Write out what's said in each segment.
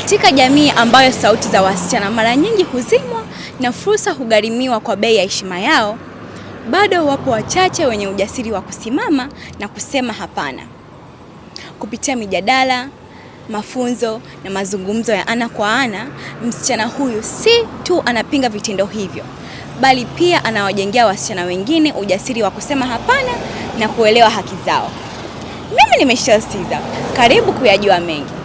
Katika jamii ambayo sauti za wasichana mara nyingi huzimwa na fursa hugharimiwa kwa bei ya heshima yao, bado wapo wachache wenye ujasiri wa kusimama na kusema hapana. Kupitia mijadala, mafunzo na mazungumzo ya ana kwa ana, msichana huyu si tu anapinga vitendo hivyo, bali pia anawajengea wasichana wengine ujasiri wa kusema hapana na kuelewa haki zao. Mimi ni Michelle karibu kuyajua mengi.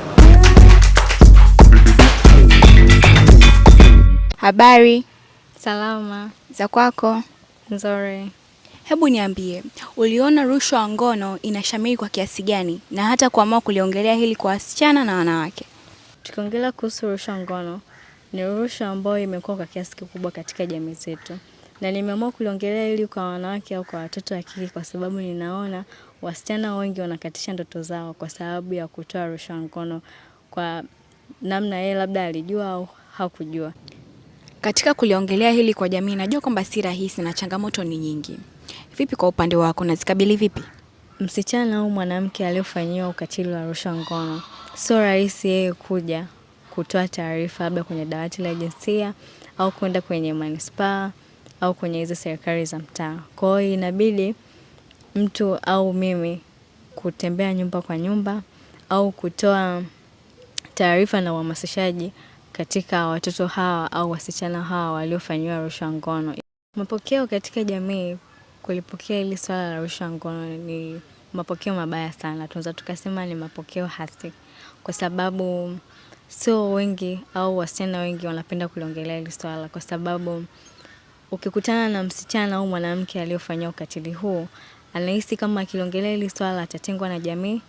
Habari? Salama. Za kwako? Nzuri. Hebu niambie, uliona rushwa ya ngono inashamiri kwa kiasi gani na hata kuamua kuliongelea hili kwa wasichana na wanawake? Tukiongelea kuhusu rushwa ngono, ni rushwa ambayo imekuwa kwa kiasi kikubwa katika jamii zetu, na nimeamua kuliongelea hili kwa wanawake au kwa watoto wa kike kwa sababu ninaona wasichana wengi wanakatisha ndoto zao kwa sababu ya kutoa rushwa ngono kwa namna yeye labda alijua au hakujua. Katika kuliongelea hili kwa jamii, najua kwamba si rahisi na changamoto ni nyingi. Vipi kwa upande wako, nazikabili vipi? Msichana au mwanamke aliyofanyiwa ukatili wa rushwa ngono, sio rahisi yeye kuja kutoa taarifa labda kwenye dawati la jinsia au kwenda kwenye manispaa au kwenye hizo serikali za mtaa. Kwa hiyo inabidi mtu au mimi kutembea nyumba kwa nyumba au kutoa taarifa na uhamasishaji katika watoto hawa au wasichana hawa waliofanyiwa rushwa ngono. Mapokeo katika jamii kulipokea hili swala la rushwa ngono ni mapokeo mabaya sana, tunaweza tukasema ni mapokeo hasi, kwa sababu sio wengi au wasichana wengi wanapenda kuliongelea hili swala, kwa sababu ukikutana na msichana au mwanamke aliyofanyia ukatili huu, anahisi kama akiliongelea hili swala atatengwa na jamii,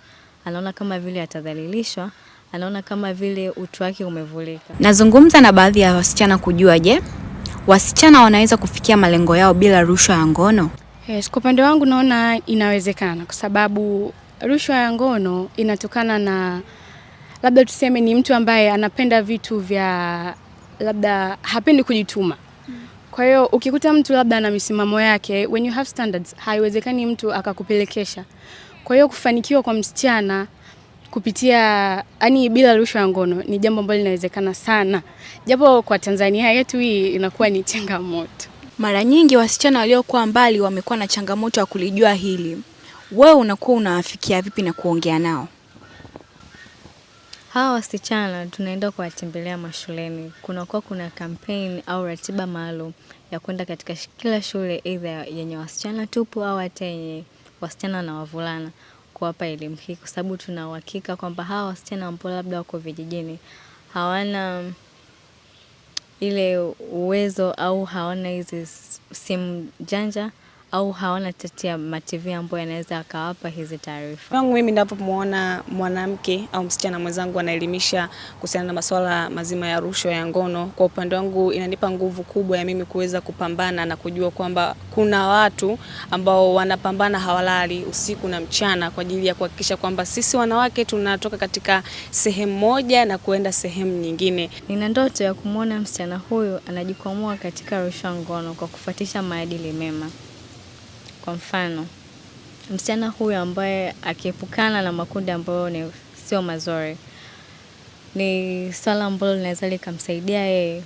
anaona kama vile atadhalilishwa anaona kama vile utu wake umevuleka. Nazungumza na baadhi ya wasichana kujua, je, wasichana wanaweza kufikia malengo yao bila rushwa ya ngono? Yes, kwa upande wangu naona inawezekana kwa sababu rushwa ya ngono inatokana na labda tuseme ni mtu ambaye anapenda vitu vya labda hapendi kujituma. Kwa hiyo ukikuta mtu labda ana misimamo yake, when you have standards, haiwezekani mtu akakupelekesha. Kwa hiyo kufanikiwa kwa msichana kupitia yani, bila rushwa ya ngono ni jambo ambalo linawezekana sana, japo kwa Tanzania yetu hii inakuwa ni changamoto. Mara nyingi wasichana waliokuwa mbali wamekuwa na changamoto ya kulijua hili. Wewe unakuwa unawafikia vipi na kuongea nao? Hawa wasichana tunaenda kuwatembelea mashuleni, kunakuwa kuna kampeni au ratiba maalum ya kwenda katika kila shule, aidha yenye wasichana tupu au hata yenye wasichana na wavulana kuwapa elimu hii, kwa sababu tuna uhakika kwamba hawa wasichana ambao labda wako vijijini hawana ile uwezo au hawana hizi simu janja au hawana tetea mativi ambayo yanaweza akawapa hizi taarifa. Wangu mimi ninapomuona mwanamke au msichana mwenzangu anaelimisha kuhusiana na masuala mazima ya rushwa ya ngono, kwa upande wangu inanipa nguvu kubwa ya mimi kuweza kupambana na kujua kwamba kuna watu ambao wanapambana hawalali usiku na mchana kwa ajili ya kuhakikisha kwamba sisi wanawake tunatoka katika sehemu moja na kuenda sehemu nyingine. Nina ndoto ya kumwona msichana huyu anajikwamua katika rushwa ngono kwa kufuatisha maadili mema. Kwa mfano, msichana huyu ambaye akiepukana na makundi ambayo ni sio mazuri, ni swala ambalo linaweza likamsaidia yeye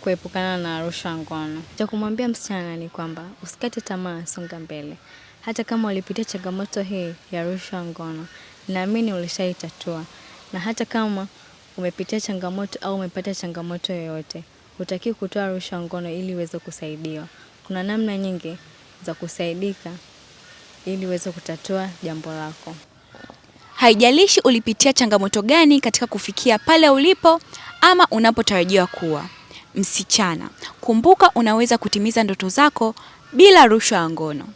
kuepukana na rushwa ngono. Cha kumwambia msichana ni kwamba usikate tamaa, songa mbele. Hata kama ulipitia changamoto hii ya rushwa ngono, naamini ulishaitatua, na hata kama umepitia changamoto au umepata changamoto yoyote, hutakiwi kutoa rushwa ngono ili uweze kusaidiwa. Kuna namna nyingi za kusaidika ili uweze kutatua jambo lako. Haijalishi ulipitia changamoto gani katika kufikia pale ulipo ama unapotarajiwa kuwa. Msichana, kumbuka unaweza kutimiza ndoto zako bila rushwa ya ngono.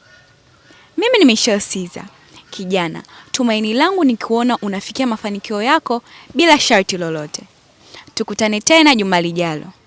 Mimi ni Michelle Siza. Kijana, tumaini langu ni kuona unafikia mafanikio yako bila sharti lolote. Tukutane tena juma lijalo.